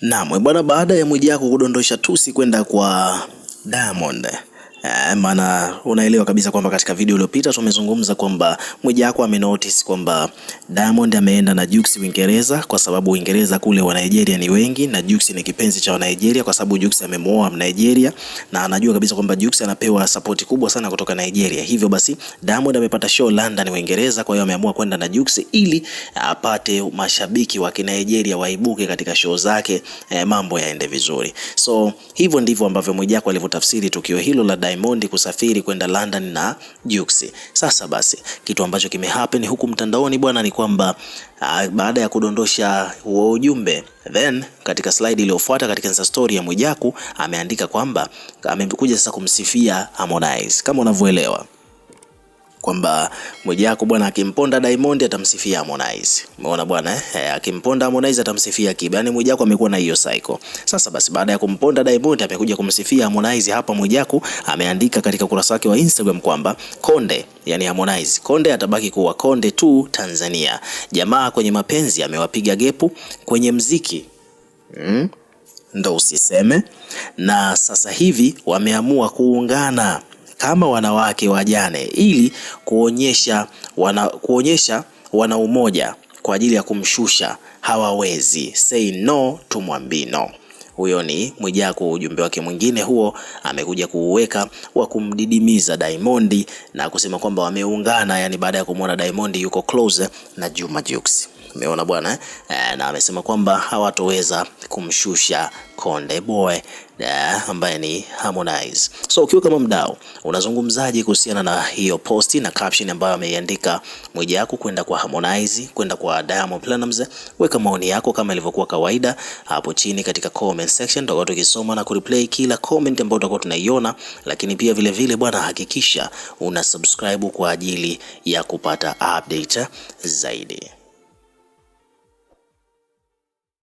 Naam bwana, baada ya Mwijaku kudondosha tusi kwenda kwa Diamond Eh, maana unaelewa kabisa kwamba katika video iliyopita tumezungumza kwamba Mwijaku amenotice kwamba Diamond ameenda na Jux Uingereza kwa sababu Uingereza kule wa Nigeria ni wengi na Jux ni kipenzi cha Nigeria kwa sababu Jux amemwoa Nigeria na anajua kabisa kwamba Jux anapewa support kubwa sana kutoka Nigeria. Hivyo basi Diamond amepata show London Uingereza, kwa hiyo ameamua kwenda na Jux ili apate mashabiki wa Kinigeria waibuke katika show zake, eh, mambo yaende vizuri. So hivyo ndivyo ambavyo Mwijaku alivyotafsiri tukio hilo la Diamond kusafiri kwenda London na Jux. Sasa basi kitu ambacho kimehappen huku mtandaoni bwana ni kwamba ah, baada ya kudondosha huo ujumbe then katika slide iliyofuata katika Insta story ya Mwijaku ameandika kwamba amekuja sasa kumsifia Harmonize kama unavyoelewa kwamba Mwijaku bwana akimponda Diamond atamsifia Harmonize. Umeona bwana eh, eh akimponda Harmonize atamsifia Kiba. Yaani Mwijaku amekuwa na hiyo cycle. Sasa basi baada ya kumponda Diamond amekuja kumsifia Harmonize. Hapa Mwijaku ameandika katika kurasa yake wa Instagram kwamba Konde, yani Harmonize, Konde atabaki kuwa Konde tu Tanzania. Jamaa kwenye mapenzi amewapiga gepu kwenye mziki mm, ndo usiseme na sasa hivi wameamua kuungana kama wanawake wajane, ili kuonyesha wana, kuonyesha wana umoja kwa ajili ya kumshusha hawawezi. Say no to Mwambino. Huyo ni Mwijaku. Ujumbe wake mwingine huo amekuja kuuweka wa kumdidimiza Diamond na kusema kwamba wameungana, yani baada ya kumwona Diamond yuko close na Juma Jux. Umeona bwana eh? na amesema kwamba hawatoweza kumshusha Konde Boy eh, ambaye ni Harmonize. So ukiwa kama mdau unazungumzaje kuhusiana na hiyo posti na caption ambayo ameiandika Mwijaku kwenda kwa Harmonize, kwenda kwa Diamond Platnumz? Weka maoni yako kama ilivyokuwa kawaida hapo chini katika comment section, tutakuwa tukisoma na kureplay kila comment ambayo tutakuwa tunaiona, lakini pia vile vile bwana, hakikisha una subscribe kwa ajili ya kupata update zaidi.